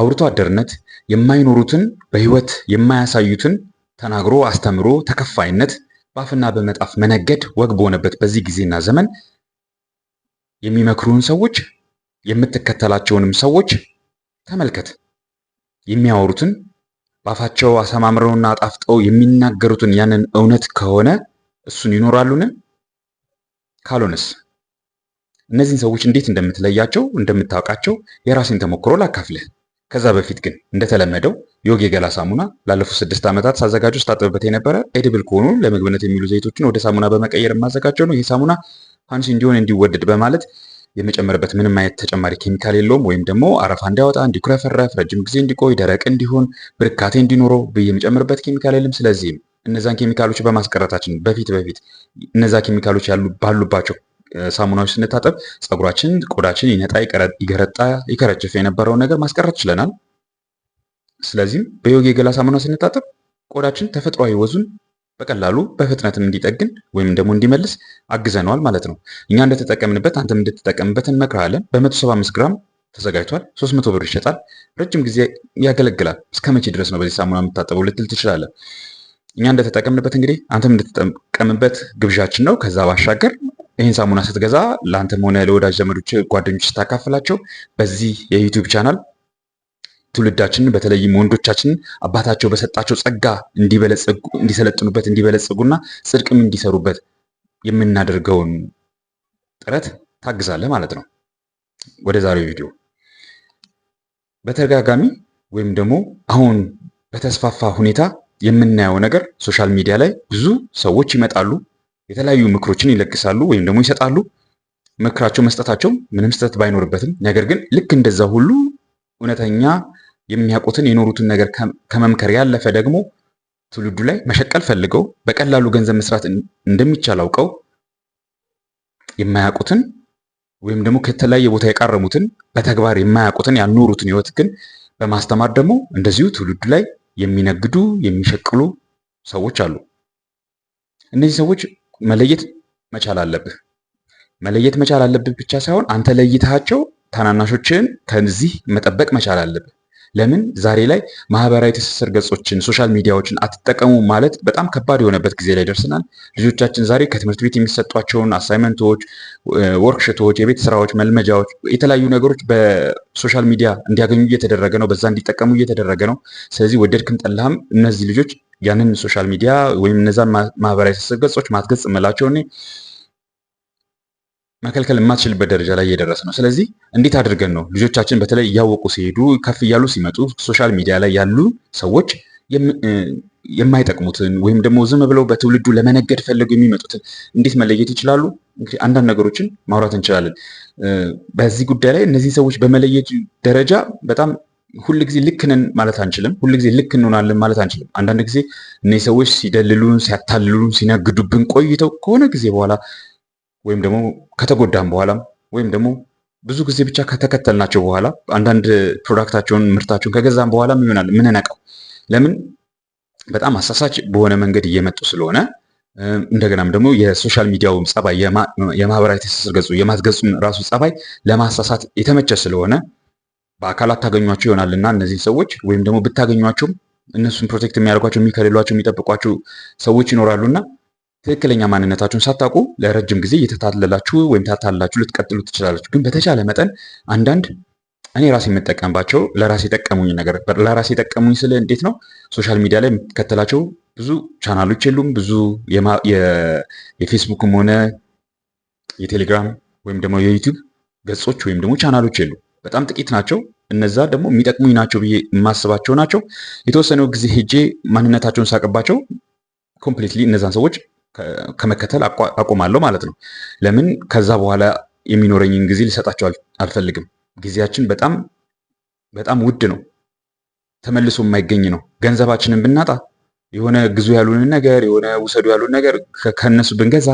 አውርቶ አደርነት የማይኖሩትን በህይወት የማያሳዩትን ተናግሮ አስተምሮ ተከፋይነት በአፍና በመጣፍ መነገድ ወግ በሆነበት በዚህ ጊዜና ዘመን የሚመክሩን ሰዎች የምትከተላቸውንም ሰዎች ተመልከት። የሚያወሩትን በአፋቸው አሰማምረውና አጣፍጠው የሚናገሩትን ያንን እውነት ከሆነ እሱን ይኖራሉን? ካልሆነስ? እነዚህን ሰዎች እንዴት እንደምትለያቸው እንደምታውቃቸው የራሴን ተሞክሮ ላካፍልህ። ከዛ በፊት ግን እንደተለመደው ዮጊ የገላ ሳሙና ላለፉት ስድስት ዓመታት ሳዘጋጁ ስታጥብበት የነበረ ኤድብል ከሆኑ ለምግብነት የሚሉ ዘይቶችን ወደ ሳሙና በመቀየር የማዘጋጀው ነው። ይህ ሳሙና ፋንሲ እንዲሆን እንዲወደድ በማለት የመጨመርበት ምንም አይነት ተጨማሪ ኬሚካል የለውም። ወይም ደግሞ አረፋ እንዲያወጣ፣ እንዲኩረፈረፍ፣ ረጅም ጊዜ እንዲቆይ፣ ደረቅ እንዲሆን፣ ብርካቴ እንዲኖረው የመጨመርበት ኬሚካል የለም። ስለዚህም እነዛን ኬሚካሎች በማስቀረታችን በፊት በፊት እነዛ ኬሚካሎች ባሉባቸው ሳሙናዎች ስንታጠብ ፀጉራችን፣ ቆዳችን ይነጣ፣ ይገረጣ፣ ይከረችፍ የነበረውን ነገር ማስቀረት ችለናል። ስለዚህም በዮጊ የገላ ሳሙና ስንታጠብ ቆዳችን ተፈጥሯዊ ወዙን በቀላሉ በፍጥነትም እንዲጠግን ወይም ደግሞ እንዲመልስ አግዘነዋል ማለት ነው። እኛ እንደተጠቀምንበት አንተም እንድትጠቀምበት እንመክርሃለን። በ175 ግራም ተዘጋጅቷል። 300 ብር ይሸጣል። ረጅም ጊዜ ያገለግላል። እስከ መቼ ድረስ ነው በዚህ ሳሙና የምታጠበው ልትል ትችላለን። እኛ እንደተጠቀምንበት እንግዲህ አንተም እንድትጠቀምበት ግብዣችን ነው። ከዛ ባሻገር ይህን ሳሙና ስትገዛ ለአንተም ሆነ ለወዳጅ ዘመዶች ጓደኞች ስታካፍላቸው በዚህ የዩቱብ ቻናል ትውልዳችንን በተለይም ወንዶቻችንን አባታቸው በሰጣቸው ጸጋ እንዲሰለጥኑበት እንዲበለጽጉና ጽድቅም እንዲሰሩበት የምናደርገውን ጥረት ታግዛለህ ማለት ነው። ወደ ዛሬው ቪዲዮ በተደጋጋሚ ወይም ደግሞ አሁን በተስፋፋ ሁኔታ የምናየው ነገር ሶሻል ሚዲያ ላይ ብዙ ሰዎች ይመጣሉ የተለያዩ ምክሮችን ይለግሳሉ ወይም ደግሞ ይሰጣሉ። ምክራቸው መስጠታቸው ምንም ስህተት ባይኖርበትም ነገር ግን ልክ እንደዛ ሁሉ እውነተኛ የሚያውቁትን የኖሩትን ነገር ከመምከር ያለፈ ደግሞ ትውልዱ ላይ መሸቀል ፈልገው በቀላሉ ገንዘብ መስራት እንደሚቻል አውቀው የማያውቁትን ወይም ደግሞ ከተለያየ ቦታ የቃረሙትን በተግባር የማያውቁትን ያልኖሩትን ህይወት ግን በማስተማር ደግሞ እንደዚሁ ትውልዱ ላይ የሚነግዱ የሚሸቅሉ ሰዎች አሉ። እነዚህ ሰዎች መለየት መቻል አለብህ። መለየት መቻል አለብህ ብቻ ሳይሆን አንተ ለይተሃቸው ታናናሾችን ከዚህ መጠበቅ መቻል አለብህ። ለምን ዛሬ ላይ ማህበራዊ ትስስር ገጾችን ሶሻል ሚዲያዎችን አትጠቀሙ ማለት በጣም ከባድ የሆነበት ጊዜ ላይ ደርሰናል። ልጆቻችን ዛሬ ከትምህርት ቤት የሚሰጧቸውን አሳይመንቶች፣ ወርክሽቶች፣ የቤት ስራዎች፣ መልመጃዎች፣ የተለያዩ ነገሮች በሶሻል ሚዲያ እንዲያገኙ እየተደረገ ነው። በዛ እንዲጠቀሙ እየተደረገ ነው። ስለዚህ ወደድክም ጠላህም እነዚህ ልጆች ያንን ሶሻል ሚዲያ ወይም እነዛን ማህበራዊ ትስስር ገጾች ማትገጽ የምላቸው እኔ መከልከል የማትችልበት ደረጃ ላይ እየደረሰ ነው። ስለዚህ እንዴት አድርገን ነው ልጆቻችን በተለይ እያወቁ ሲሄዱ ከፍ እያሉ ሲመጡ ሶሻል ሚዲያ ላይ ያሉ ሰዎች የማይጠቅሙትን ወይም ደግሞ ዝም ብለው በትውልዱ ለመነገድ ፈለጉ የሚመጡትን እንዴት መለየት ይችላሉ? እንግዲህ አንዳንድ ነገሮችን ማውራት እንችላለን። በዚህ ጉዳይ ላይ እነዚህ ሰዎች በመለየት ደረጃ በጣም ሁል ጊዜ ልክ ነን ማለት አንችልም። ሁል ጊዜ ልክ እንሆናለን ማለት አንችልም። አንዳንድ ጊዜ እነዚህ ሰዎች ሲደልሉን፣ ሲያታልሉን፣ ሲነግዱብን ቆይተው ከሆነ ጊዜ በኋላ ወይም ደግሞ ከተጎዳም በኋላ ወይም ደግሞ ብዙ ጊዜ ብቻ ከተከተልናቸው በኋላ አንዳንድ ፕሮዳክታቸውን ምርታቸውን ከገዛም በኋላ ይሆናል ምንነቀው? ለምን በጣም አሳሳች በሆነ መንገድ እየመጡ ስለሆነ እንደገናም ደግሞ የሶሻል ሚዲያውም ጸባይ የማህበራዊ ትስስር ገጹ የማት ራሱ ጸባይ ለማሳሳት የተመቸ ስለሆነ በአካል አታገኟቸው ይሆናል እና እነዚህን ሰዎች ወይም ደግሞ ብታገኟቸውም እነሱን ፕሮቴክት የሚያደርጓቸው የሚከልሏቸው፣ የሚጠብቋቸው ሰዎች ይኖራሉ ትክክለኛ ማንነታችሁን ሳታውቁ ለረጅም ጊዜ እየተታለላችሁ ወይም ታታላችሁ ልትቀጥሉ ትችላላችሁ። ግን በተቻለ መጠን አንዳንድ እኔ ራሴ የምጠቀምባቸው ለራሴ የጠቀሙኝ ነገር ለራሴ የጠቀሙኝ ስለ እንዴት ነው ሶሻል ሚዲያ ላይ የምትከተላቸው ብዙ ቻናሎች የሉም። ብዙ የፌስቡክም ሆነ የቴሌግራም ወይም ደግሞ የዩቲዩብ ገጾች ወይም ደግሞ ቻናሎች የሉም። በጣም ጥቂት ናቸው። እነዛ ደግሞ የሚጠቅሙኝ ናቸው ብዬ የማስባቸው ናቸው። የተወሰነው ጊዜ ሄጄ ማንነታቸውን ሳቅባቸው ኮምፕሊትሊ እነዛን ሰዎች ከመከተል አቆማለሁ ማለት ነው። ለምን ከዛ በኋላ የሚኖረኝን ጊዜ ልሰጣቸው አልፈልግም። ጊዜያችን በጣም በጣም ውድ ነው፣ ተመልሶ የማይገኝ ነው። ገንዘባችንን ብናጣ የሆነ ግዙ ያሉንን ነገር የሆነ ውሰዱ ያሉን ነገር ከነሱ ብንገዛ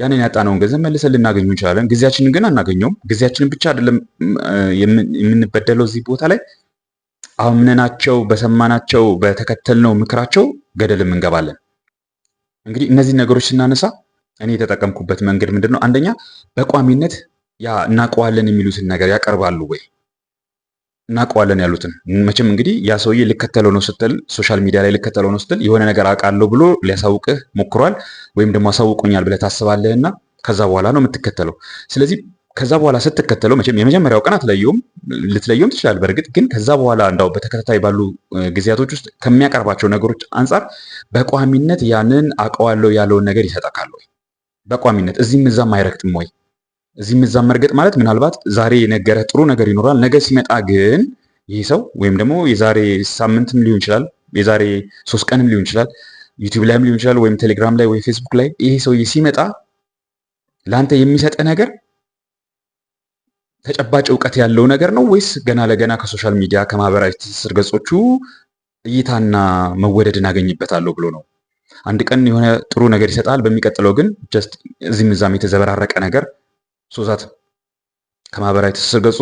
ያንን ያጣነውን ገንዘብ መልሰን ልናገኙ እንችላለን። ጊዜያችንን ግን አናገኘውም። ጊዜያችንን ብቻ አይደለም የምንበደለው እዚህ ቦታ ላይ አምነናቸው በሰማናቸው በተከተልነው ምክራቸው ገደልም እንገባለን። እንግዲህ እነዚህ ነገሮች ስናነሳ እኔ የተጠቀምኩበት መንገድ ምንድን ነው? አንደኛ በቋሚነት ያ እናውቀዋለን የሚሉትን ነገር ያቀርባሉ ወይ? እናውቀዋለን ያሉትን መቼም እንግዲህ ያ ሰውዬ ልከተለው ነው ስትል ሶሻል ሚዲያ ላይ ልከተለው ነው ስትል የሆነ ነገር አውቃለሁ ብሎ ሊያሳውቅህ ሞክሯል ወይም ደግሞ አሳውቆኛል ብለህ ታስባለህና ከዛ በኋላ ነው የምትከተለው። ስለዚህ ከዛ በኋላ ስትከተለው መቼም የመጀመሪያው ቀን አትለየውም፣ ልትለየውም ትችላል። በእርግጥ ግን ከዛ በኋላ እንዳው በተከታታይ ባሉ ጊዜያቶች ውስጥ ከሚያቀርባቸው ነገሮች አንጻር በቋሚነት ያንን አውቀዋለሁ ያለውን ነገር ወይ? በቋሚነት እዚህም እዛም አይረግጥም ወይ እዚህ እዛም መርገጥ ማለት ምናልባት ዛሬ የነገረህ ጥሩ ነገር ይኖራል። ነገ ሲመጣ ግን ይህ ሰው ወይም ደግሞ የዛሬ ሳምንትም ሊሆን ይችላል፣ የዛሬ ሶስት ቀንም ሊሆን ይችላል፣ ዩቲዩብ ላይም ሊሆን ይችላል፣ ወይም ቴሌግራም ላይ ወይ ፌስቡክ ላይ ይሄ ሰውዬ ሲመጣ ለአንተ የሚሰጠ ነገር ተጨባጭ እውቀት ያለው ነገር ነው ወይስ ገና ለገና ከሶሻል ሚዲያ ከማህበራዊ ትስስር ገጾቹ እይታና መወደድን አገኝበታለሁ ብሎ ነው? አንድ ቀን የሆነ ጥሩ ነገር ይሰጣል፣ በሚቀጥለው ግን ጀስት እዚህም እዛም የተዘበራረቀ ነገር ሶዛት ከማህበራዊ ትስስር ገጹ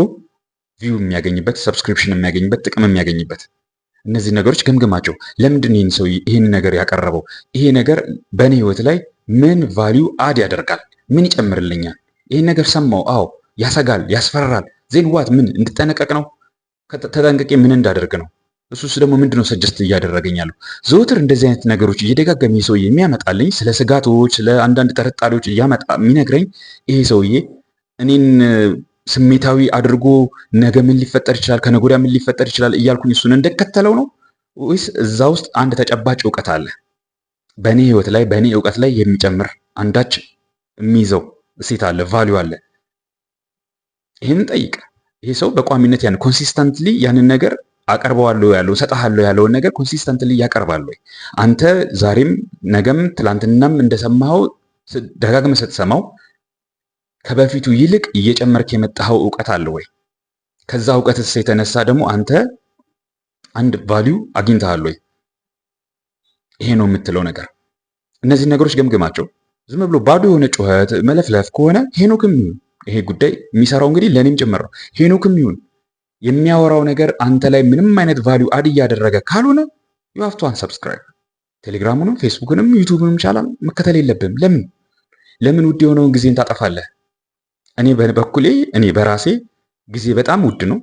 ቪው የሚያገኝበት ሰብስክሪፕሽን የሚያገኝበት ጥቅም የሚያገኝበት እነዚህ ነገሮች ገምግማቸው። ለምንድን ይህን ሰው ይህን ነገር ያቀረበው? ይሄ ነገር በእኔ ህይወት ላይ ምን ቫሊዩ አድ ያደርጋል? ምን ይጨምርልኛል? ይህን ነገር ሰማው፣ አዎ ያሰጋል፣ ያስፈራል። ዜን ዋት ምን እንድጠነቀቅ ነው? ተጠንቅቄ ምን እንዳደርግ ነው? እሱስ ደግሞ ምንድነው ሰጀስት እያደረገኛለሁ? ዘወትር እንደዚህ አይነት ነገሮች እየደጋገመ ሰውዬ የሚያመጣልኝ ስለ ስጋቶች፣ ስለ አንዳንድ ጥርጣሬዎች እያመጣ የሚነግረኝ ይሄ ሰውዬ እኔን ስሜታዊ አድርጎ ነገ ምን ሊፈጠር ይችላል፣ ከነገ ወዲያ ምን ሊፈጠር ይችላል እያልኩኝ እሱን እንደከተለው ነው ወይስ እዛ ውስጥ አንድ ተጨባጭ እውቀት አለ? በእኔ ህይወት ላይ በእኔ እውቀት ላይ የሚጨምር አንዳች የሚይዘው እሴት አለ፣ ቫሊዩ አለ። ይህንን ጠይቀ ይሄ ሰው በቋሚነት ያን ኮንሲስተንትሊ ያንን ነገር አቀርበዋለሁ ያለው ሰጠሃለሁ ያለውን ነገር ኮንሲስተንትሊ ያቀርባል ወይ? አንተ ዛሬም ነገም ትላንትናም እንደሰማኸው ደጋግመህ ስትሰማው ከበፊቱ ይልቅ እየጨመርክ የመጣኸው እውቀት አለ ወይ? ከዛ እውቀትስ የተነሳ ደግሞ አንተ አንድ ቫሊዩ አግኝተሃል ወይ? ይሄ ነው የምትለው ነገር። እነዚህ ነገሮች ገምግማቸው። ዝም ብሎ ባዶ የሆነ ጩኸት መለፍለፍ ከሆነ ሄኖክም ይሁን ይሄ ጉዳይ የሚሰራው እንግዲህ ለእኔም ጭምር ነው። ሄኖክም ይሁን የሚያወራው ነገር አንተ ላይ ምንም አይነት ቫሊዩ አድ እያደረገ ካልሆነ ዩ ሃቭ ቱ አንሰብስክራይብ። ቴሌግራሙንም ፌስቡክንም ዩቱብንም ቻላም መከተል የለብም። ለምን ለምን ውድ የሆነውን ጊዜን ታጠፋለህ? እኔ በበኩሌ እኔ በራሴ ጊዜ በጣም ውድ ነው፣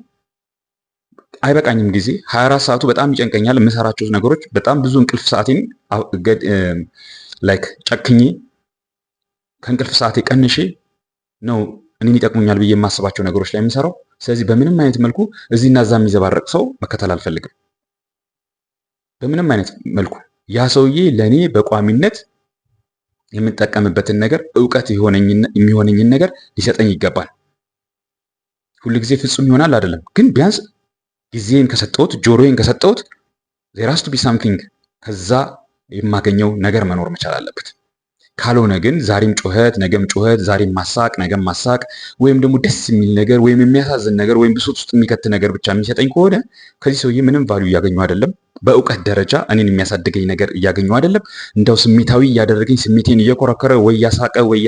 አይበቃኝም ጊዜ 24 ሰዓቱ በጣም ይጨንቀኛል። የምሰራቸው ነገሮች በጣም ብዙ እንቅልፍ ሰዓቴን ላይክ ጨክኜ ከእንቅልፍ ሰዓቴ ቀንሼ ነው እኔን ይጠቅሙኛል ብዬ የማስባቸው ነገሮች ላይ የምሰራው። ስለዚህ በምንም አይነት መልኩ እዚህና እዛ የሚዘባረቅ ሰው መከተል አልፈልግም። በምንም አይነት መልኩ ያ ሰውዬ ለእኔ በቋሚነት የምጠቀምበትን ነገር እውቀት የሚሆነኝን ነገር ሊሰጠኝ ይገባል። ጊዜ ፍጹም ይሆናል አይደለም፣ ግን ቢያንስ ጊዜን ከሰጠሁት ጆሮዬን ከሰጠሁት ዜራስቱ ቢ ሳምቲንግ ከዛ የማገኘው ነገር መኖር መቻል አለበት። ካልሆነ ግን ዛሬም ጩኸት ነገም ጩኸት፣ ዛሬም ማሳቅ ነገም ማሳቅ፣ ወይም ደግሞ ደስ የሚል ነገር ወይም የሚያሳዝን ነገር ወይም ብሶት ውስጥ የሚከት ነገር ብቻ የሚሰጠኝ ከሆነ ከዚህ ሰውዬ ምንም ቫሉ እያገኙ አይደለም። በእውቀት ደረጃ እኔን የሚያሳድገኝ ነገር እያገኙ አይደለም። እንደው ስሜታዊ እያደረገኝ ስሜቴን እየኮረከረ ወይ እያሳቀ ወይ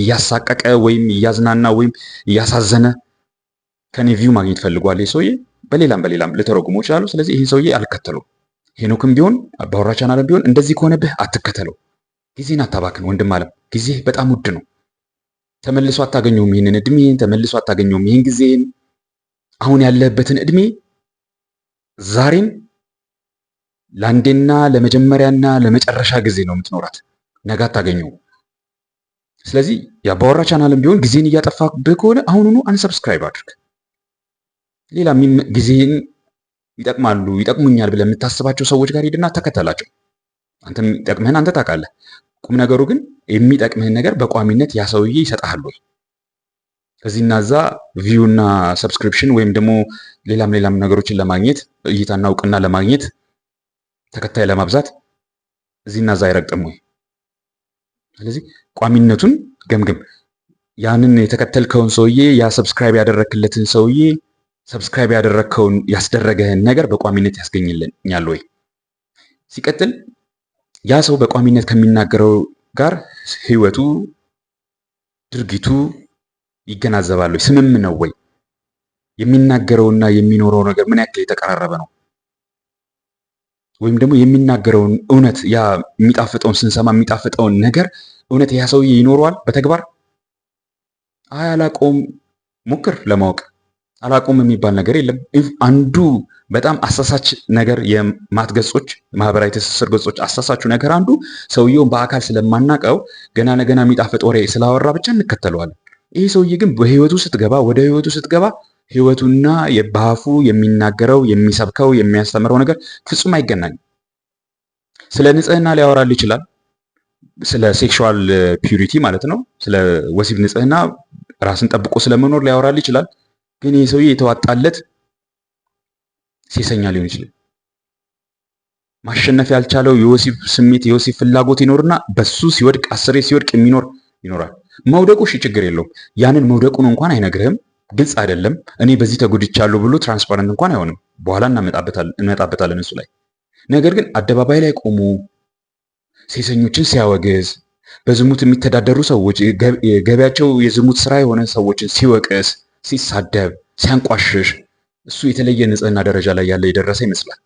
እያሳቀቀ ወይም እያዝናና ወይም እያሳዘነ ከኔ ቪው ማግኘት ፈልጓል ይህ ሰውዬ። በሌላም በሌላም ልተረጉሞ ይችላሉ። ስለዚህ ይህን ሰውዬ አልከተሉም። ሄኖክም ቢሆን አባወራ ቻናልም ቢሆን እንደዚህ ከሆነብህ አትከተለው። ጊዜን አታባክን ወንድም አለም። ጊዜ በጣም ውድ ነው። ተመልሶ አታገኘውም። ይህንን እድሜን ተመልሶ አታገኘውም። ይህን ጊዜን አሁን ያለህበትን እድሜ ዛሬን ለአንዴና ለመጀመሪያና ለመጨረሻ ጊዜ ነው የምትኖራት። ነገ አታገኘው ስለዚህ የአባወራ ቻናልም ቢሆን ጊዜን እያጠፋብህ ከሆነ አሁኑኑ አንሰብስክራይብ አድርግ። ሌላ ጊዜን ይጠቅማሉ ይጠቅሙኛል ብለህ የምታስባቸው ሰዎች ጋር ሄድና ተከተላቸው። አንተ የሚጠቅምህን አንተ ታውቃለህ። ቁም ነገሩ ግን የሚጠቅምህን ነገር በቋሚነት ያ ሰውዬ ይሰጥሃል ወይ? ከዚህና እዛ ቪው እና ሰብስክሪፕሽን ወይም ደግሞ ሌላም ሌላም ነገሮችን ለማግኘት እይታና እውቅና ለማግኘት ተከታይ ለማብዛት እዚህና እዛ አይረግጥም ወይ? ስለዚህ ቋሚነቱን ገምግም። ያንን የተከተልከውን ሰውዬ ያ ሰብስክራይብ ያደረክለትን ሰውዬ ሰብስክራይብ ያደረግከውን ያስደረገህን ነገር በቋሚነት ያስገኝልኛል ወይ? ሲቀጥል ያ ሰው በቋሚነት ከሚናገረው ጋር ህይወቱ፣ ድርጊቱ ይገናዘባሉ። ስምም ነው ወይ? የሚናገረውና የሚኖረው ነገር ምን ያክል የተቀራረበ ነው? ወይም ደግሞ የሚናገረውን እውነት ያ የሚጣፍጠውን ስንሰማ የሚጣፍጠውን ነገር እውነት ያ ሰውዬ ይኖረዋል በተግባር? አያላቆም አላውቀውም፣ ሞክር ለማወቅ አላቁም የሚባል ነገር የለም። አንዱ በጣም አሳሳች ነገር የማት ገጾች፣ ማህበራዊ ትስስር ገጾች አሳሳቹ ነገር አንዱ ሰውየውን በአካል ስለማናቀው ገና ለገና የሚጣፍጥ ወሬ ስላወራ ብቻ እንከተለዋለን። ይህ ሰውዬ ግን በህይወቱ ስትገባ ወደ ህይወቱ ስትገባ ህይወቱና በአፉ የሚናገረው የሚሰብከው የሚያስተምረው ነገር ፍጹም አይገናኝም። ስለ ንጽህና ሊያወራል ይችላል። ስለ ሴክሹዋል ፒውሪቲ ማለት ነው። ስለ ወሲብ ንጽህና ራስን ጠብቆ ስለመኖር ሊያወራል ይችላል። ግን ይህ ሰውዬ የተዋጣለት ሴሰኛ ሊሆን ይችላል። ማሸነፍ ያልቻለው የወሲብ ስሜት የወሲብ ፍላጎት ይኖርና በሱ ሲወድቅ አስሬ ሲወድቅ የሚኖር ይኖራል። መውደቁ እሺ ችግር የለውም። ያንን መውደቁን እንኳን አይነግርህም። ግልጽ አይደለም። እኔ በዚህ ተጎድቻለሁ ብሎ ትራንስፓረንት እንኳን አይሆንም። በኋላ እንመጣበታለን እሱ ላይ። ነገር ግን አደባባይ ላይ ቆሞ ሴሰኞችን ሲያወግዝ፣ በዝሙት የሚተዳደሩ ሰዎች ገቢያቸው የዝሙት ስራ የሆነ ሰዎችን ሲወቅስ ሲሳደብ፣ ሲያንቋሽሽ እሱ የተለየ ንጽህና ደረጃ ላይ ያለ የደረሰ ይመስላል።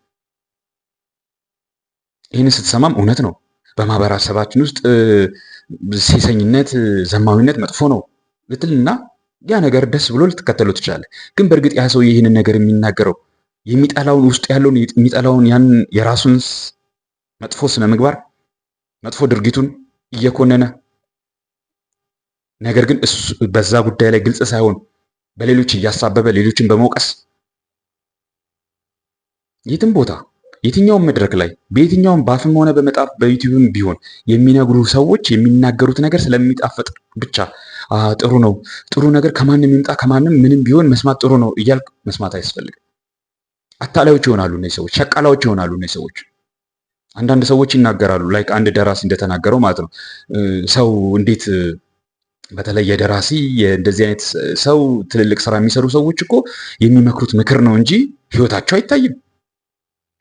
ይህን ስትሰማም እውነት ነው። በማህበረሰባችን ውስጥ ሴሰኝነት፣ ዘማዊነት መጥፎ ነው ልትልና ያ ነገር ደስ ብሎ ልትከተሉ ትችላለህ። ግን በእርግጥ ያ ሰው ይህንን ነገር የሚናገረው የሚጠላውን ውስጥ ያለውን የሚጠላውን ያን የራሱን መጥፎ ስነ ምግባር መጥፎ ድርጊቱን እየኮነነ ነገር ግን በዛ ጉዳይ ላይ ግልጽ ሳይሆን በሌሎች እያሳበበ ሌሎችን በመውቀስ የትም ቦታ የትኛውም መድረክ ላይ በየትኛውም ባፍም ሆነ በመጣፍ በዩቲዩብም ቢሆን የሚነግሩ ሰዎች የሚናገሩት ነገር ስለሚጣፈጥ ብቻ ጥሩ ነው፣ ጥሩ ነገር ከማንም ይምጣ ከማንም ምንም ቢሆን መስማት ጥሩ ነው እያልክ መስማት አያስፈልግም። አታላዮች ይሆናሉ እነዚህ ሰዎች፣ ሸቃላዎች ይሆናሉ እነዚህ ሰዎች። አንዳንድ ሰዎች ይናገራሉ፣ ላይክ አንድ ደራሲ እንደተናገረው ማለት ነው ሰው እንዴት በተለይ የደራሲ እንደዚህ አይነት ሰው ትልልቅ ስራ የሚሰሩ ሰዎች እኮ የሚመክሩት ምክር ነው እንጂ ህይወታቸው አይታይም።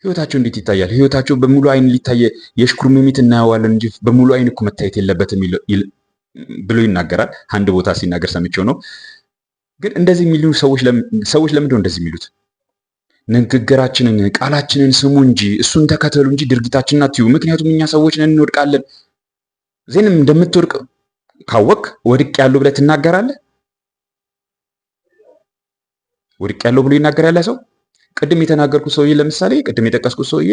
ህይወታቸው እንዴት ይታያል? ህይወታቸው በሙሉ አይን ሊታየ የሽኩርሚት እናየዋለን እንጂ በሙሉ አይን እኮ መታየት የለበትም ብሎ ይናገራል። አንድ ቦታ ሲናገር ሰምቼው ነው። ግን እንደዚህ የሚሉ ሰዎች ለምንድነው እንደዚህ የሚሉት? ንግግራችንን ቃላችንን ስሙ እንጂ እሱን ተከተሉ እንጂ ድርጊታችንን አትዩ። ምክንያቱም እኛ ሰዎች ነን፣ እንወድቃለን። ዜንም እንደምትወድቅ ካወቅ ወድቅ ያለው ብለህ ትናገራለህ። ወድቅ ያለው ብሎ ይናገር ያለ ሰው ቅድም የተናገርኩት ሰውዬ ለምሳሌ ቅድም የጠቀስኩት ሰውዬ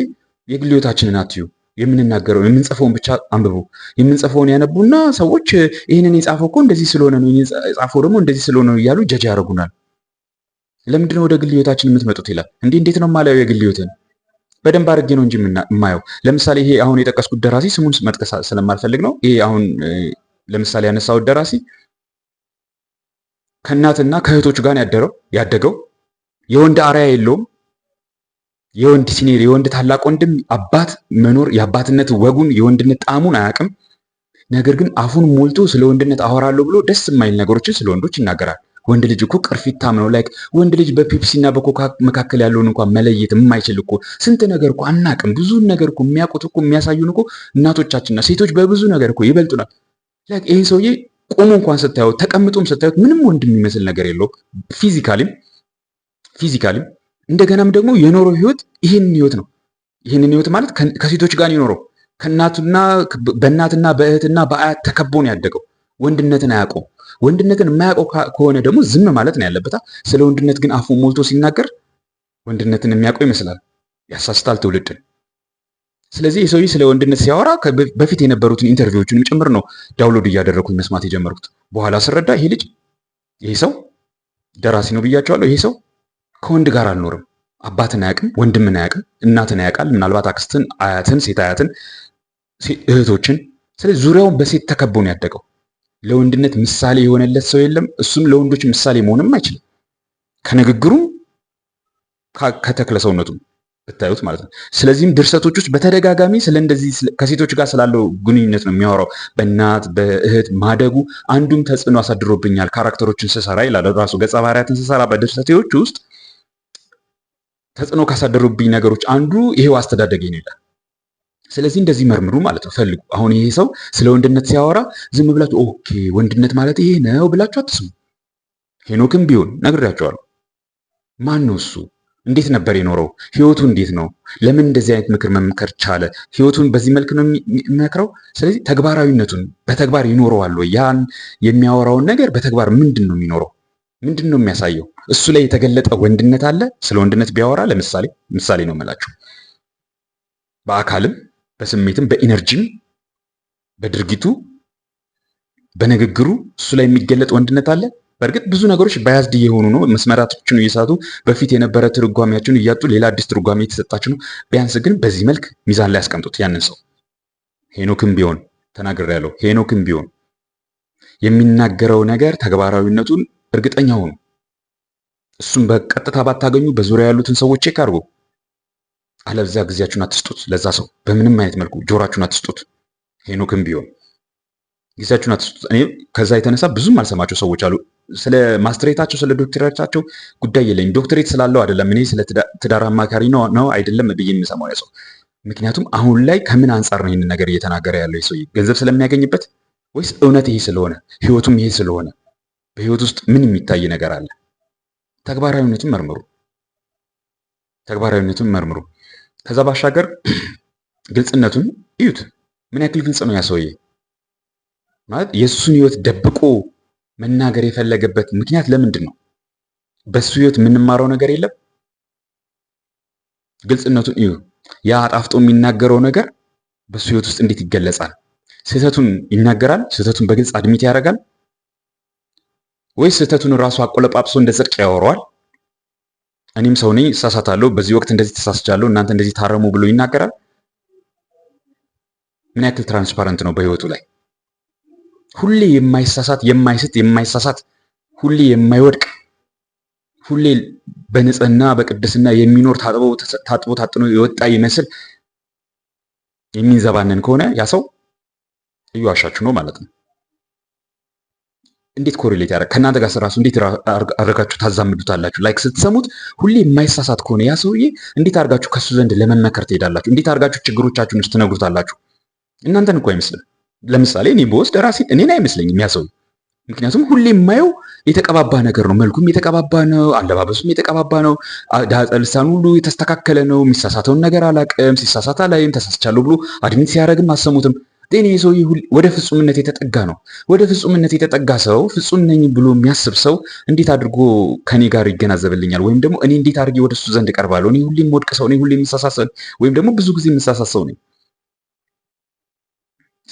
የግል ሕይወታችንን አትዩ፣ የምንናገረው የምንጽፈውን ብቻ አንብቡ። የምንጽፈውን ያነቡና ሰዎች ይህንን የጻፈው እኮ እንደዚህ ስለሆነ ነው፣ የጻፈው ደግሞ እንደዚህ ስለሆነ ነው እያሉ ጀጅ ያደርጉናል። ነው ወደ ግል ሕይወታችን የምትመጡት ይላል። እንዲህ እንዴት ነው ማለው? የግል ሕይወትን በደንብ አድርጌ ነው እንጂ የማየው። ለምሳሌ ይሄ አሁን የጠቀስኩት ደራሲ ስሙን መጥቀስ ስለማልፈልግ ነው። ይሄ አሁን ለምሳሌ ያነሳሁት ደራሲ ከእናትና ከእህቶች ጋር ያደረው ያደገው የወንድ አርያ የለውም። የወንድ ሲኒር የወንድ ታላቅ ወንድም አባት መኖር የአባትነት ወጉን የወንድነት ጣዕሙን አያውቅም። ነገር ግን አፉን ሞልቶ ስለ ወንድነት አወራለሁ ብሎ ደስ የማይል ነገሮችን ስለ ወንዶች ይናገራል። ወንድ ልጅ እኮ ቅርፊታም ነው። ላይክ ወንድ ልጅ በፔፕሲና በኮካ መካከል ያለውን እንኳ መለየት የማይችል እኮ ስንት ነገር እኮ አናቅም። ብዙ ነገር እኮ የሚያውቁት እኮ የሚያሳዩን እኮ እናቶቻችንና ሴቶች በብዙ ነገር እኮ ይበልጡናል። ይሄ ሰውዬ ቆሞ እንኳን ስታዩት ተቀምጦም ስታዩት ምንም ወንድ የሚመስል ነገር የለው ፊዚካሊም ፊዚካሊም እንደገናም ደግሞ የኖረው ህይወት ይህንን ህይወት ነው። ይህንን ህይወት ማለት ከሴቶች ጋር የኖረው ከእናቱና በእናትና በእህትና በአያት ተከቦ ነው ያደገው። ወንድነትን አያውቀው። ወንድነትን የማያውቀው ከሆነ ደግሞ ዝም ማለት ነው ያለበታ። ስለ ወንድነት ግን አፉ ሞልቶ ሲናገር ወንድነትን የሚያውቀው ይመስላል። ያሳስታል ትውልድን። ስለዚህ የሰውዬ ስለ ወንድነት ሲያወራ በፊት የነበሩትን ኢንተርቪዎችንም ጭምር ነው ዳውንሎድ እያደረግኩኝ መስማት የጀመርኩት። በኋላ ስረዳ ይሄ ልጅ ይሄ ሰው ደራሲ ነው ብያቸዋለሁ። ይሄ ሰው ከወንድ ጋር አልኖርም፣ አባትን አያውቅም፣ ወንድምን አያውቅም፣ እናትን አያውቃል ምናልባት አክስትን፣ አያትን፣ ሴት አያትን፣ እህቶችን። ስለዚህ ዙሪያውን በሴት ተከቦ ነው ያደገው። ለወንድነት ምሳሌ የሆነለት ሰው የለም። እሱም ለወንዶች ምሳሌ መሆንም አይችልም፣ ከንግግሩም ከተክለ ሰውነቱም ብታዩት ማለት ነው። ስለዚህም ድርሰቶች ውስጥ በተደጋጋሚ ስለ እንደዚህ ከሴቶች ጋር ስላለው ግንኙነት ነው የሚያወራው። በእናት በእህት ማደጉ አንዱም ተጽዕኖ አሳድሮብኛል ካራክተሮችን ስሰራ ይላል ራሱ። ገጸ ባህሪያትን ስሰራ በድርሰቴዎች ውስጥ ተጽዕኖ ካሳደሩብኝ ነገሮች አንዱ ይሄው አስተዳደገኝ ይላል። ስለዚህ እንደዚህ መርምሩ ማለት ነው ፈልጉ። አሁን ይሄ ሰው ስለ ወንድነት ሲያወራ ዝም ብላችሁ ኦኬ ወንድነት ማለት ይሄ ነው ብላችሁ አትስሙ። ሄኖክም ቢሆን ነግሬያቸዋለሁ። ማን ነው እሱ? እንዴት ነበር የኖረው? ህይወቱ እንዴት ነው? ለምን እንደዚህ አይነት ምክር መምከር ቻለ? ህይወቱን በዚህ መልክ ነው የሚመክረው። ስለዚህ ተግባራዊነቱን በተግባር ይኖረዋል ወይ? ያን የሚያወራውን ነገር በተግባር ምንድን ነው የሚኖረው? ምንድን ነው የሚያሳየው? እሱ ላይ የተገለጠ ወንድነት አለ። ስለ ወንድነት ቢያወራ ለምሳሌ ምሳሌ ነው የምላችሁ፣ በአካልም በስሜትም በኢነርጂም በድርጊቱ በንግግሩ እሱ ላይ የሚገለጥ ወንድነት አለ። በእርግጥ ብዙ ነገሮች ባያዝድ እየሆኑ ነው። መስመራቶችን እየሳቱ በፊት የነበረ ትርጓሚያችን እያጡ ሌላ አዲስ ትርጓሜ የተሰጣች ነው። ቢያንስ ግን በዚህ መልክ ሚዛን ላይ ያስቀምጡት ያንን ሰው። ሄኖክም ቢሆን ያለው ሄኖክም ቢሆን የሚናገረው ነገር ተግባራዊነቱን እርግጠኛ ሆኑ። እሱም በቀጥታ ባታገኙ በዙሪያ ያሉትን ሰዎች ቼክ አድርጉ። አለበለዚያ ጊዜያችሁን አትስጡት ለዛ ሰው፣ በምንም አይነት መልኩ ጆሯችሁን አትስጡት። ሄኖክም ቢሆን ጊዜያችሁን አትስጡት። እኔ ከዛ የተነሳ ብዙም አልሰማቸው ሰዎች አሉ ስለ ማስትሬታቸው ስለ ዶክትሬታቸው ጉዳይ የለኝ። ዶክትሬት ስላለው አይደለም እኔ ስለ ትዳር አማካሪ ነው አይደለም ብዬ የሚሰማው ያ ሰው። ምክንያቱም አሁን ላይ ከምን አንጻር ነው ይህን ነገር እየተናገረ ያለው ሰው? ገንዘብ ስለሚያገኝበት ወይስ እውነት ይሄ ስለሆነ ህይወቱም ይሄ ስለሆነ በህይወት ውስጥ ምን የሚታይ ነገር አለ? ተግባራዊነቱን መርምሩ፣ ተግባራዊነቱን መርምሩ። ከዛ ባሻገር ግልጽነቱን እዩት። ምን ያክል ግልጽ ነው ያ ሰውዬ ማለት የእሱን ህይወት ደብቆ መናገር የፈለገበት ምክንያት ለምንድን ነው? በሱ ህይወት የምንማረው ነገር የለም። ግልጽነቱን እዩ። ያ አጣፍጦ የሚናገረው ነገር በሱ ህይወት ውስጥ እንዴት ይገለጻል? ስህተቱን ይናገራል። ስህተቱን በግልጽ አድሚት ያደርጋል ወይስ ስህተቱን ራሱ አቆለጳጵሶ እንደ ጽድቅ ያወረዋል? እኔም ሰው ነኝ፣ እሳሳታለሁ፣ በዚህ ወቅት እንደዚህ ተሳስቻለሁ፣ እናንተ እንደዚህ ታረሙ ብሎ ይናገራል? ምን ያክል ትራንስፓረንት ነው በህይወቱ ላይ? ሁሌ የማይሳሳት የማይስት የማይሳሳት ሁሌ የማይወድቅ ሁሌ በንጽህና በቅድስና የሚኖር ታጥቦ ታጥኖ የወጣ ይመስል የሚንዘባነን ከሆነ ያ ሰው እየዋሻችሁ ነው ማለት ነው። እንዴት ኮሪሌት ያደረግ ከእናንተ ጋር ስራሱ እንዴት አድርጋችሁ ታዛምዱታላችሁ? ላይክ ስትሰሙት ሁሌ የማይሳሳት ከሆነ ያ ሰውዬ እንዴት አድርጋችሁ ከሱ ዘንድ ለመመከር ትሄዳላችሁ? እንዴት አድርጋችሁ ችግሮቻችሁን ውስጥ ትነግሩታላችሁ? እናንተን እኮ አይመስልም። ለምሳሌ እኔ በወስድ ራሴን እኔን አይመስለኝም ያ ምክንያቱም ሁሌ የማየው የተቀባባ ነገር ነው። መልኩም የተቀባባ ነው፣ አለባበሱም የተቀባባ ነው፣ ልሳኑ ሁሉ የተስተካከለ ነው። የሚሳሳተውን ነገር አላቅም። ሲሳሳት ላይም ተሳስቻለሁ ብሎ አድሚት ሲያደርግም አሰሙትም ጤኔ ሰው ወደ ፍጹምነት የተጠጋ ነው። ወደ ፍጹምነት የተጠጋ ሰው ፍጹም ነኝ ብሎ የሚያስብ ሰው እንዴት አድርጎ ከኔ ጋር ይገናዘብልኛል? ወይም ደግሞ እኔ እንዴት አድርጌ ወደሱ ዘንድ እቀርባለሁ? እኔ ሁሌም ወድቅ ሰው፣ እኔ ሁሌም የምሳሳሰል ወይም ደግሞ ብዙ ጊዜ የምሳሳሰው ነኝ።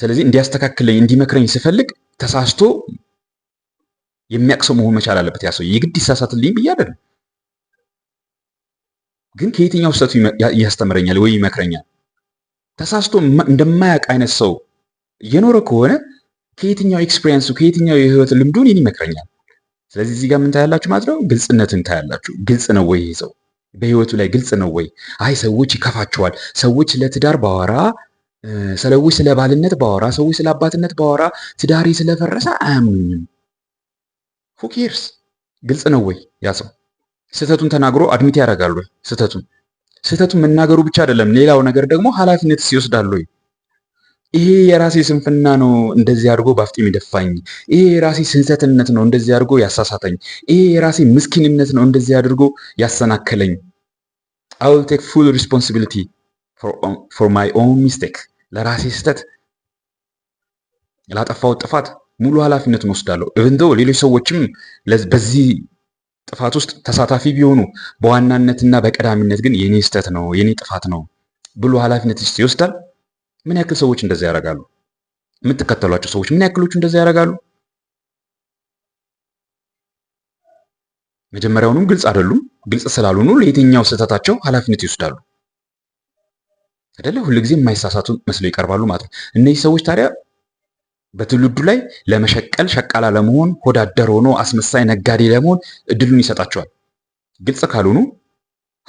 ስለዚህ እንዲያስተካክለኝ እንዲመክረኝ ስፈልግ ተሳስቶ የሚያቅሰው መሆን መቻል አለበት። ያ ሰው የግድ ይሳሳትልኝ ብዬ አይደለም፣ ግን ከየትኛው ስህተቱ ያስተምረኛል ወይ ይመክረኛል። ተሳስቶ እንደማያውቅ አይነት ሰው እየኖረ ከሆነ ከየትኛው ኤክስፒሪየንሱ ከየትኛው የህይወት ልምዱን ይህን ይመክረኛል። ስለዚህ እዚህ ጋር ምን ታያላችሁ ማለት ነው? ግልጽነትን ታያላችሁ። ግልጽ ነው ወይ ይዘው በህይወቱ ላይ ግልጽ ነው ወይ? አይ ሰዎች ይከፋቸዋል፣ ሰዎች ለትዳር ባወራ ሰለዊ ስለ ባልነት ባወራ፣ ሰዎች ስለ አባትነት ባወራ፣ ትዳሬ ስለፈረሰ አያምኑኝም። ሁኬርስ ግልጽ ነው ወይ? ያ ሰው ስህተቱን ተናግሮ አድሚት ያደርጋሉ። ስህተቱን ስህተቱን መናገሩ ብቻ አይደለም፣ ሌላው ነገር ደግሞ ኃላፊነት ሲወስዳሉ ወይ? ይሄ የራሴ ስንፍና ነው እንደዚህ አድርጎ ባፍጢም የሚደፋኝ ይሄ የራሴ ስህተትነት ነው እንደዚህ አድርጎ ያሳሳተኝ፣ ይሄ የራሴ ምስኪንነት ነው እንደዚህ አድርጎ ያሰናከለኝ። አይ ዊል ቴክ ፉል ሪስፖንሲቢሊቲ ፎር ማይ ኦን ሚስቴክ ለራሴ ስህተት ላጠፋው ጥፋት ሙሉ ኃላፊነትን ወስዳለሁ። እብንዶ ሌሎች ሰዎችም በዚህ ጥፋት ውስጥ ተሳታፊ ቢሆኑ በዋናነትና በቀዳሚነት ግን የኔ ስህተት ነው የኔ ጥፋት ነው ብሎ ኃላፊነት ይወስዳል። ምን ያክል ሰዎች እንደዛ ያደርጋሉ? የምትከተሏቸው ሰዎች ምን ያክሎቹ እንደዛ ያደርጋሉ? መጀመሪያውኑም ግልጽ አይደሉም። ግልጽ ስላልሆኑ ለየትኛው ስህተታቸው ኃላፊነት ይወስዳሉ? አይደለ? ሁሉ ጊዜ የማይሳሳቱ መስለው ይቀርባሉ ማለት ነው። እነዚህ ሰዎች ታዲያ በትውልዱ ላይ ለመሸቀል ሸቃላ ለመሆን ሆዳደር ሆኖ አስመሳይ ነጋዴ ለመሆን እድሉን ይሰጣቸዋል። ግልጽ ካልሆኑ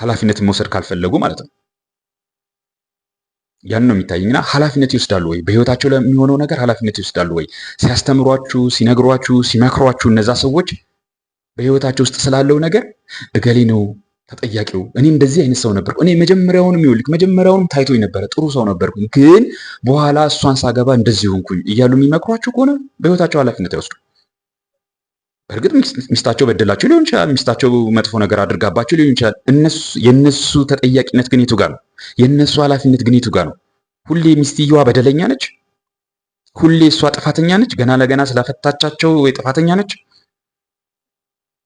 ኃላፊነትን መውሰድ ካልፈለጉ ማለት ነው። ያን ነው የሚታየኝና ኃላፊነት ይወስዳሉ ወይ? በህይወታቸው ለሚሆነው ነገር ኃላፊነት ይወስዳሉ ወይ? ሲያስተምሯችሁ፣ ሲነግሯችሁ፣ ሲመክሯችሁ እነዛ ሰዎች በህይወታቸው ውስጥ ስላለው ነገር እገሌ ነው ተጠያቂው እኔ እንደዚህ አይነት ሰው ነበርኩ። እኔ መጀመሪያውንም ይኸውልህ መጀመሪያውንም ታይቶኝ ነበረ ጥሩ ሰው ነበርኩኝ፣ ግን በኋላ እሷን ሳገባ እንደዚህ ሆንኩኝ እያሉ የሚመክሯችሁ ከሆነ በህይወታቸው ኃላፊነት አይወስዱ። በእርግጥ ሚስታቸው በደላቸው ሊሆን ይችላል፣ ሚስታቸው መጥፎ ነገር አድርጋባቸው ሊሆን ይችላል። የእነሱ ተጠያቂነት ግን የቱ ጋር ነው? የእነሱ ኃላፊነት ግን የቱ ጋር ነው? ሁሌ ሚስትየዋ በደለኛ ነች፣ ሁሌ እሷ ጥፋተኛ ነች። ገና ለገና ስላፈታቻቸው ወይ ጥፋተኛ ነች።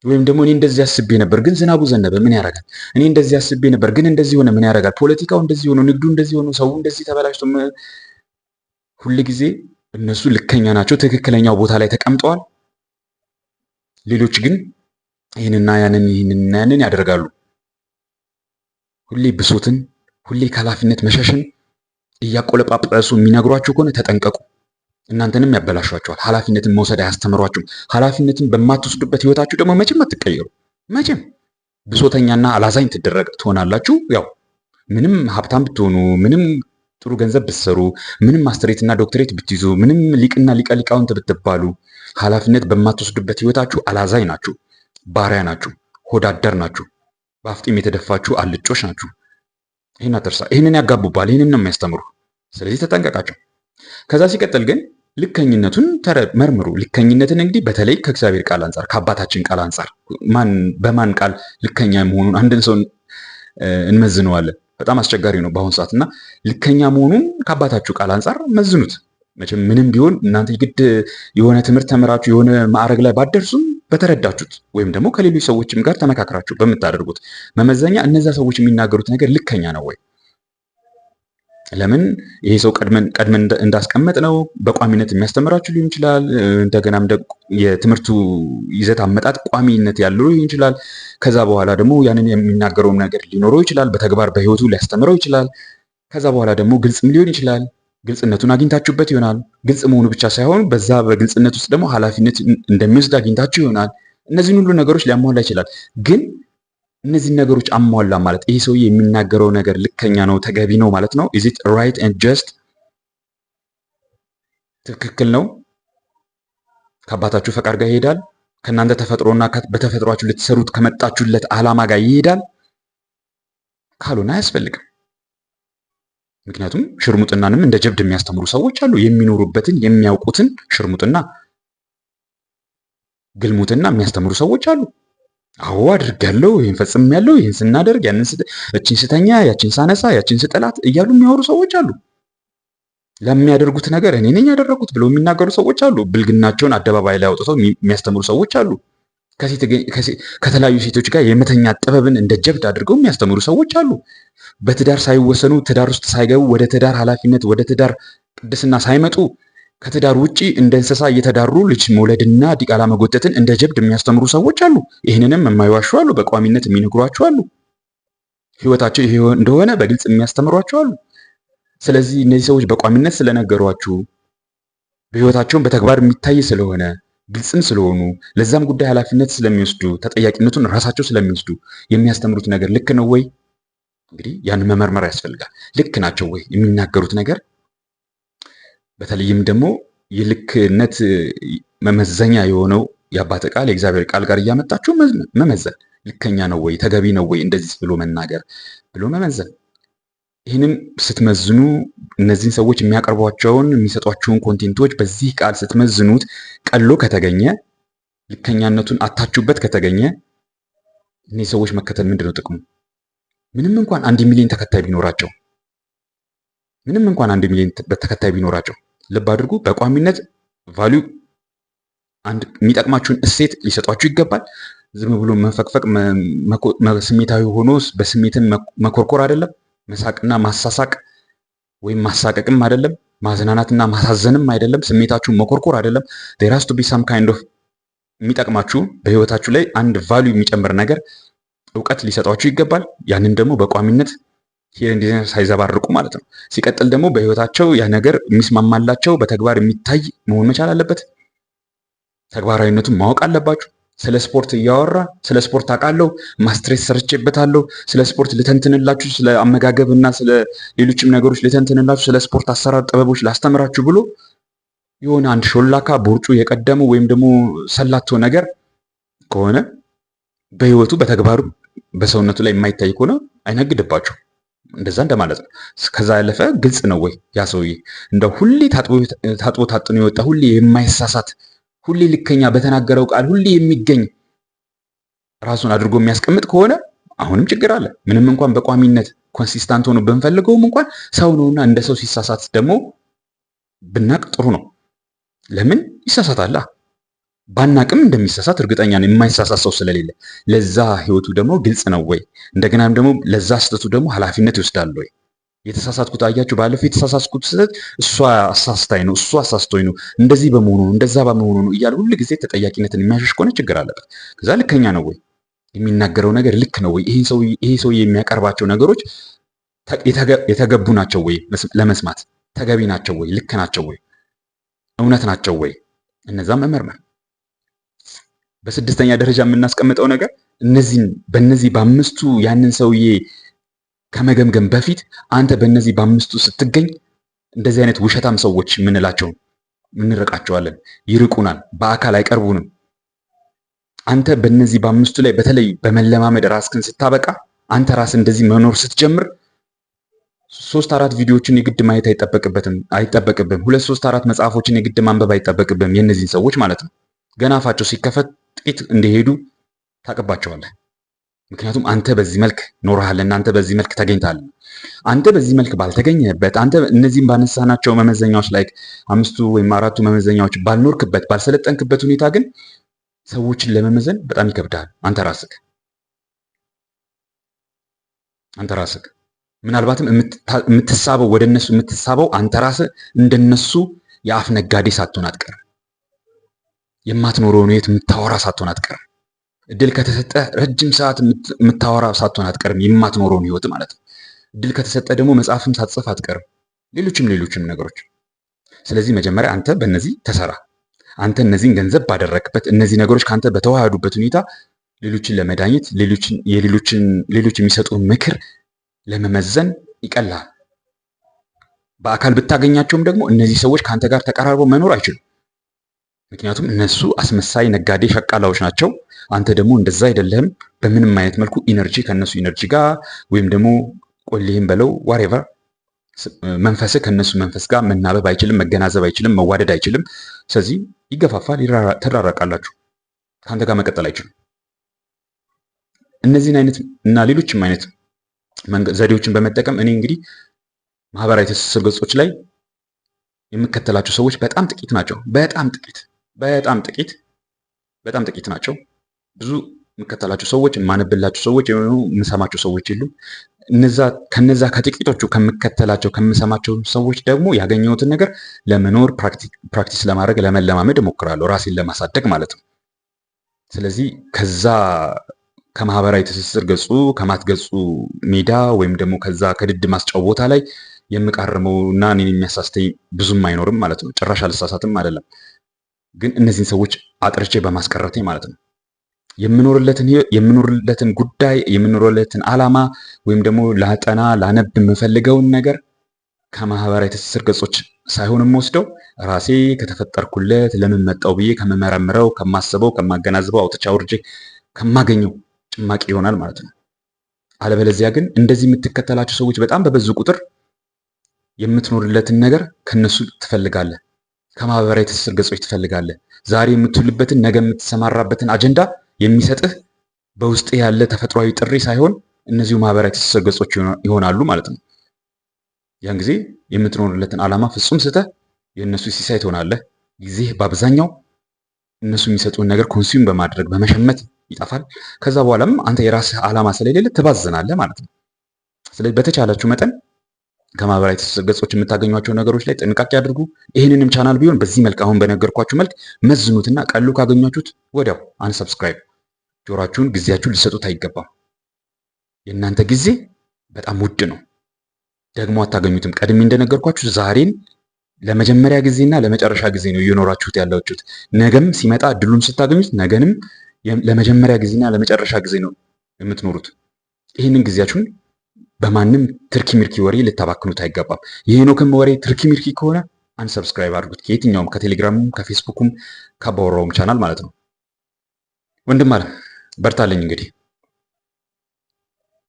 ወይም ደግሞ እኔ እንደዚህ አስቤ ነበር ግን ዝናቡ ዘነበ፣ ምን ያደርጋል? እኔ እንደዚህ አስቤ ነበር ግን እንደዚህ ሆነ፣ ምን ያደርጋል? ፖለቲካው እንደዚህ ሆነ፣ ንግዱ እንደዚህ ሆነ ሰው እንደዚህ ተበላሽቶ፣ ጊዜ እነሱ ልከኛ ናቸው። ትክክለኛው ቦታ ላይ ተቀምጠዋል። ሌሎች ግን ይህንና ያንን ይህንና ያንን ያደርጋሉ። ሁሌ ብሶትን፣ ሁሌ ከኃላፊነት መሸሽን እያቆለጳጳሱ የሚነግሯቸው ከሆነ ተጠንቀቁ። እናንተንም ያበላሿቸዋል። ኃላፊነትን መውሰድ አያስተምሯችሁም። ኃላፊነትን በማትወስዱበት ህይወታችሁ ደግሞ መቼም አትቀየሩ። መቼም ብሶተኛና አላዛኝ ትደረግ ትሆናላችሁ። ያው ምንም ሀብታም ብትሆኑ፣ ምንም ጥሩ ገንዘብ ብትሰሩ፣ ምንም ማስተሬትና ዶክተሬት ብትይዙ፣ ምንም ሊቅና ሊቀ ሊቃውንት ብትባሉ፣ ኃላፊነት በማትወስዱበት ህይወታችሁ አላዛኝ ናችሁ፣ ባሪያ ናችሁ፣ ሆዳደር ናችሁ፣ በአፍጢም የተደፋችሁ አልጮች ናችሁ። ይህን አትርሳ። ይህንን ያጋቡባል። ይህንን ነው የሚያስተምሩ። ስለዚህ ተጠንቀቃቸው። ከዛ ሲቀጥል ግን ልከኝነቱን መርምሩ። ልከኝነትን እንግዲህ በተለይ ከእግዚአብሔር ቃል አንጻር ከአባታችን ቃል አንጻር በማን ቃል ልከኛ መሆኑን አንድን ሰው እንመዝነዋለን። በጣም አስቸጋሪ ነው በአሁኑ ሰዓት እና ልከኛ መሆኑን ከአባታችሁ ቃል አንጻር መዝኑት። መቼም ምንም ቢሆን እናንተ ግድ የሆነ ትምህርት ተምራችሁ የሆነ ማዕረግ ላይ ባደርሱም በተረዳችሁት ወይም ደግሞ ከሌሎች ሰዎችም ጋር ተመካክራችሁ በምታደርጉት መመዘኛ እነዛ ሰዎች የሚናገሩት ነገር ልከኛ ነው ወይ ለምን ይሄ ሰው ቀድመን እንዳስቀመጥ ነው በቋሚነት የሚያስተምራችሁ ሊሆን ይችላል። እንደገናም የትምህርቱ ይዘት አመጣጥ ቋሚነት ያለው ሊሆን ይችላል። ከዛ በኋላ ደግሞ ያንን የሚናገረውም ነገር ሊኖረው ይችላል። በተግባር በህይወቱ ሊያስተምረው ይችላል። ከዛ በኋላ ደግሞ ግልጽም ሊሆን ይችላል። ግልጽነቱን አግኝታችሁበት ይሆናል። ግልጽ መሆኑ ብቻ ሳይሆን በዛ በግልጽነት ውስጥ ደግሞ ኃላፊነት እንደሚወስድ አግኝታችሁ ይሆናል። እነዚህን ሁሉ ነገሮች ሊያሟላ ይችላል ግን እነዚህ ነገሮች አሟላ ማለት ይህ ሰውዬ የሚናገረው ነገር ልከኛ ነው፣ ተገቢ ነው ማለት ነው። ኢዝ ኢት ራይት ኤንድ ጀስት ትክክል ነው። ከአባታችሁ ፈቃድ ጋር ይሄዳል። ከእናንተ ተፈጥሮና በተፈጥሯችሁ ልትሰሩት ከመጣችሁለት ዓላማ ጋር ይሄዳል። ካልሆነ አያስፈልግም። ምክንያቱም ሽርሙጥናንም እንደ ጀብድ የሚያስተምሩ ሰዎች አሉ። የሚኖሩበትን የሚያውቁትን ሽርሙጥና፣ ግልሙትና የሚያስተምሩ ሰዎች አሉ። አዎ አድርጋለሁ፣ ይህን ፈጽሜያለሁ፣ ይህን ስናደርግ ያንን እችን ስተኛ፣ ያችን ሳነሳ፣ ያችን ስጠላት እያሉ የሚያወሩ ሰዎች አሉ። ለሚያደርጉት ነገር እኔ ነኝ ያደረጉት ብለው የሚናገሩ ሰዎች አሉ። ብልግናቸውን አደባባይ ላይ አውጥተው የሚያስተምሩ ሰዎች አሉ። ከተለያዩ ሴቶች ጋር የመተኛ ጥበብን እንደ ጀብድ አድርገው የሚያስተምሩ ሰዎች አሉ። በትዳር ሳይወሰኑ ትዳር ውስጥ ሳይገቡ ወደ ትዳር ኃላፊነት፣ ወደ ትዳር ቅድስና ሳይመጡ ከትዳር ውጪ እንደ እንስሳ እየተዳሩ ልጅ መውለድና ዲቃላ መጎተትን እንደ ጀብድ የሚያስተምሩ ሰዎች አሉ። ይህንንም የማይዋሹ አሉ። በቋሚነት የሚነግሯቸው አሉ። ህይወታቸው ይሄ እንደሆነ በግልጽ የሚያስተምሯቸው አሉ። ስለዚህ እነዚህ ሰዎች በቋሚነት ስለነገሯችሁ በህይወታቸውን በተግባር የሚታይ ስለሆነ ግልጽም ስለሆኑ ለዛም ጉዳይ ኃላፊነት ስለሚወስዱ ተጠያቂነቱን ራሳቸው ስለሚወስዱ የሚያስተምሩት ነገር ልክ ነው ወይ? እንግዲህ ያንን መመርመር ያስፈልጋል። ልክ ናቸው ወይ? የሚናገሩት ነገር በተለይም ደግሞ የልክነት መመዘኛ የሆነው የአባተ ቃል የእግዚአብሔር ቃል ጋር እያመጣችሁ መመዘን ልከኛ ነው ወይ ተገቢ ነው ወይ እንደዚህ ብሎ መናገር ብሎ መመዘን። ይህንም ስትመዝኑ እነዚህን ሰዎች የሚያቀርቧቸውን የሚሰጧቸውን ኮንቴንቶች በዚህ ቃል ስትመዝኑት ቀሎ ከተገኘ ልከኛነቱን አታችሁበት ከተገኘ እነዚህ ሰዎች መከተል ምንድን ነው ጥቅሙ? ምንም እንኳን አንድ ሚሊዮን ተከታይ ቢኖራቸው ምንም እንኳን አንድ ሚሊዮን ተከታይ ቢኖራቸው ልብ አድርጉ። በቋሚነት ቫሊዩ አንድ የሚጠቅማችሁን እሴት ሊሰጧችሁ ይገባል። ዝም ብሎ መፈቅፈቅ፣ ስሜታዊ ሆኖ በስሜትን መኮርኮር አይደለም። መሳቅና ማሳሳቅ ወይም ማሳቀቅም አይደለም። ማዝናናትና ማሳዘንም አይደለም። ስሜታችሁን መኮርኮር አይደለም። ዴራስ ቱ ቢ ሳም ካይንድ ኦፍ የሚጠቅማችሁ በህይወታችሁ ላይ አንድ ቫሊዩ የሚጨምር ነገር እውቀት ሊሰጧችሁ ይገባል። ያንን ደግሞ በቋሚነት እንዲህ ሳይዘባርቁ ማለት ነው። ሲቀጥል ደግሞ በህይወታቸው ያ ነገር የሚስማማላቸው በተግባር የሚታይ መሆን መቻል አለበት። ተግባራዊነቱን ማወቅ አለባችሁ። ስለ ስፖርት እያወራ ስለ ስፖርት አውቃለሁ፣ ማስትሬት ሰርቼበታለሁ፣ ስለ ስፖርት ልተንትንላችሁ፣ ስለ አመጋገብ እና ስለ ሌሎችም ነገሮች ልተንትንላችሁ፣ ስለ ስፖርት አሰራር ጥበቦች ላስተምራችሁ ብሎ የሆነ አንድ ሾላካ ቦርጩ የቀደመው ወይም ደግሞ ሰላቶ ነገር ከሆነ በህይወቱ በተግባሩ በሰውነቱ ላይ የማይታይ ከሆነ አይነግድባቸው። እንደዛ እንደማለት ነው። ከዛ ያለፈ ግልጽ ነው ወይ ያ ሰውዬ እንደ ሁሌ ታጥቦ ታጥኖ የወጣ ሁሌ የማይሳሳት ሁሌ ልከኛ፣ በተናገረው ቃል ሁሌ የሚገኝ ራሱን አድርጎ የሚያስቀምጥ ከሆነ አሁንም ችግር አለ። ምንም እንኳን በቋሚነት ኮንሲስታንት ሆኖ ብንፈልገውም እንኳን ሰው ነውና እንደ ሰው ሲሳሳት ደግሞ ብናቅ ጥሩ ነው። ለምን ይሳሳታላ? ባናቅም እንደሚሳሳት እርግጠኛ ነው። የማይሳሳት ሰው ስለሌለ ለዛ ህይወቱ ደግሞ ግልጽ ነው ወይ? እንደገናም ደግሞ ለዛ ስህተቱ ደግሞ ኃላፊነት ይወስዳል ወይ? የተሳሳትኩት አያችሁ፣ ባለፈው የተሳሳትኩት ስህተት እሷ አሳስታኝ ነው እሷ አሳስቶኝ ነው እንደዚህ በመሆኑ ነው እንደዛ በመሆኑ ነው እያለ ሁል ጊዜ ተጠያቂነትን የሚያሸሽ ከሆነ ችግር አለበት። ከዛ ልከኛ ነው ወይ? የሚናገረው ነገር ልክ ነው ወይ? ይሄ ሰው የሚያቀርባቸው ነገሮች የተገቡ ናቸው ወይ? ለመስማት ተገቢ ናቸው ወይ? ልክ ናቸው ወይ? እውነት ናቸው ወይ? እነዛም መመርመር በስድስተኛ ደረጃ የምናስቀምጠው ነገር እነዚህን በእነዚህ በአምስቱ ያንን ሰውዬ ከመገምገም በፊት አንተ በእነዚህ በአምስቱ ስትገኝ እንደዚህ አይነት ውሸታም ሰዎች የምንላቸው እንርቃቸዋለን፣ ይርቁናል፣ በአካል አይቀርቡንም። አንተ በእነዚህ በአምስቱ ላይ በተለይ በመለማመድ ራስክን ስታበቃ፣ አንተ ራስ እንደዚህ መኖር ስትጀምር ሶስት አራት ቪዲዮዎችን የግድ ማየት አይጠበቅበትም አይጠበቅብም። ሁለት ሶስት አራት መጽሐፎችን የግድ ማንበብ አይጠበቅብም። የእነዚህን ሰዎች ማለት ነው። ገና አፋቸው ሲከፈት ጥቂት እንደሄዱ ታቅባቸዋለህ። ምክንያቱም አንተ በዚህ መልክ ኖረሃልና አንተ በዚህ መልክ ተገኝታል። አንተ በዚህ መልክ ባልተገኘህበት፣ አንተ እነዚህም ባነሳናቸው መመዘኛዎች ላይ አምስቱ ወይም አራቱ መመዘኛዎች ባልኖርክበት፣ ባልሰለጠንክበት ሁኔታ ግን ሰዎችን ለመመዘን በጣም ይከብዳል። አንተ ራስክ አንተ ራስክ ምናልባትም የምትሳበው ወደ እነሱ የምትሳበው አንተ ራስህ እንደነሱ የአፍ ነጋዴ ሳትሆን አትቀርም። የማትኖረውን ህይወት የምታወራ ሳትሆን አትቀርም። እድል ከተሰጠ ረጅም ሰዓት የምታወራ ሳትሆን አትቀርም፣ የማትኖረውን ህይወት ማለት ነው። እድል ከተሰጠ ደግሞ መጽሐፍም ሳትጽፍ አትቀርም፣ ሌሎችም ሌሎችም ነገሮች። ስለዚህ መጀመሪያ አንተ በእነዚህ ተሰራ። አንተ እነዚህን ገንዘብ ባደረግበት፣ እነዚህ ነገሮች ከአንተ በተዋሃዱበት ሁኔታ ሌሎችን ለመዳኘት ሌሎች የሚሰጡን ምክር ለመመዘን ይቀላል። በአካል ብታገኛቸውም ደግሞ እነዚህ ሰዎች ከአንተ ጋር ተቀራርበው መኖር አይችሉም። ምክንያቱም እነሱ አስመሳይ ነጋዴ ሸቃላዎች ናቸው። አንተ ደግሞ እንደዛ አይደለህም። በምንም አይነት መልኩ ኢነርጂ ከነሱ ኢነርጂ ጋር ወይም ደግሞ ቆሌህም በለው ዋሬቨር መንፈስህ ከነሱ መንፈስ ጋር መናበብ አይችልም፣ መገናዘብ አይችልም፣ መዋደድ አይችልም። ስለዚህ ይገፋፋል፣ ተራራቃላችሁ፣ ከአንተ ጋር መቀጠል አይችልም። እነዚህን አይነት እና ሌሎችም አይነት ዘዴዎችን በመጠቀም እኔ እንግዲህ ማህበራዊ ትስስር ገጾች ላይ የምከተላቸው ሰዎች በጣም ጥቂት ናቸው። በጣም ጥቂት በጣም ጥቂት በጣም ጥቂት ናቸው። ብዙ የምከተላቸው ሰዎች የማነብላቸው ሰዎች የሆኑ የምሰማቸው ሰዎች የሉም። ከነዛ ከጥቂቶቹ ከምከተላቸው ከምሰማቸው ሰዎች ደግሞ ያገኘሁትን ነገር ለመኖር ፕራክቲስ ለማድረግ ለመለማመድ እሞክራለሁ፣ ራሴን ለማሳደግ ማለት ነው። ስለዚህ ከዛ ከማህበራዊ ትስስር ገጹ ከማትገጹ ሜዳ ወይም ደግሞ ከዛ ከድድ ማስጫው ቦታ ላይ የምቃርመው እና እኔን የሚያሳስተኝ ብዙም አይኖርም ማለት ነው። ጭራሽ አልሳሳትም አይደለም። ግን እነዚህን ሰዎች አጥርቼ በማስቀረቴ ማለት ነው የምኖርለትን ጉዳይ የምኖርለትን ዓላማ ወይም ደግሞ ላጠና ላነብ የምፈልገውን ነገር ከማህበራዊ ትስስር ገጾች ሳይሆን የምወስደው ራሴ ከተፈጠርኩለት ለምን መጣው ብዬ ከምመረምረው፣ ከማስበው፣ ከማገናዝበው አውጥቻ ውርጄ ከማገኘው ጭማቂ ይሆናል ማለት ነው። አለበለዚያ ግን እንደዚህ የምትከተላቸው ሰዎች በጣም በበዙ ቁጥር የምትኖርለትን ነገር ከነሱ ትፈልጋለህ። ከማህበራዊ ትስስር ገጾች ትፈልጋለህ። ዛሬ የምትውልበትን ነገ የምትሰማራበትን አጀንዳ የሚሰጥህ በውስጥ ያለ ተፈጥሯዊ ጥሪ ሳይሆን እነዚሁ ማህበራዊ ትስስር ገጾች ይሆናሉ ማለት ነው። ያን ጊዜ የምትኖርለትን ዓላማ ፍጹም ስተህ የእነሱ ሲሳይ ትሆናለህ። ጊዜህ በአብዛኛው እነሱ የሚሰጡን ነገር ኮንሱም በማድረግ በመሸመት ይጠፋል። ከዛ በኋላም አንተ የራስህ ዓላማ ስለሌለ ትባዝናለህ ማለት ነው። ስለዚህ በተቻላችሁ መጠን ከማህበራዊ ትስስር ገጾች የምታገኟቸው ነገሮች ላይ ጥንቃቄ አድርጉ። ይህንንም ቻናል ቢሆን በዚህ መልክ አሁን በነገርኳችሁ መልክ መዝኑትና ቀሉ ካገኛችሁት ወዲያው አንሰብስክራይብ። ጆሯችሁን፣ ጊዜያችሁን ሊሰጡት አይገባም። የእናንተ ጊዜ በጣም ውድ ነው፣ ደግሞ አታገኙትም። ቀድሜ እንደነገርኳችሁ ዛሬን ለመጀመሪያ ጊዜና ለመጨረሻ ጊዜ ነው እየኖራችሁት ያላችሁት። ነገም ሲመጣ እድሉን ስታገኙት ነገንም ለመጀመሪያ ጊዜና ለመጨረሻ ጊዜ ነው የምትኖሩት። ይህንን ጊዜያችሁን በማንም ትርኪ ምርኪ ወሬ ልታባክኑት አይገባም። የሄኖክም ወሬ ትርኪ ምርኪ ከሆነ አንሰብስክራይብ አድርጉት፣ ከየትኛውም ከቴሌግራሙም ከፌስቡኩም ከአባወራውም ቻናል ማለት ነው። ወንድም አለ በርታለኝ እንግዲህ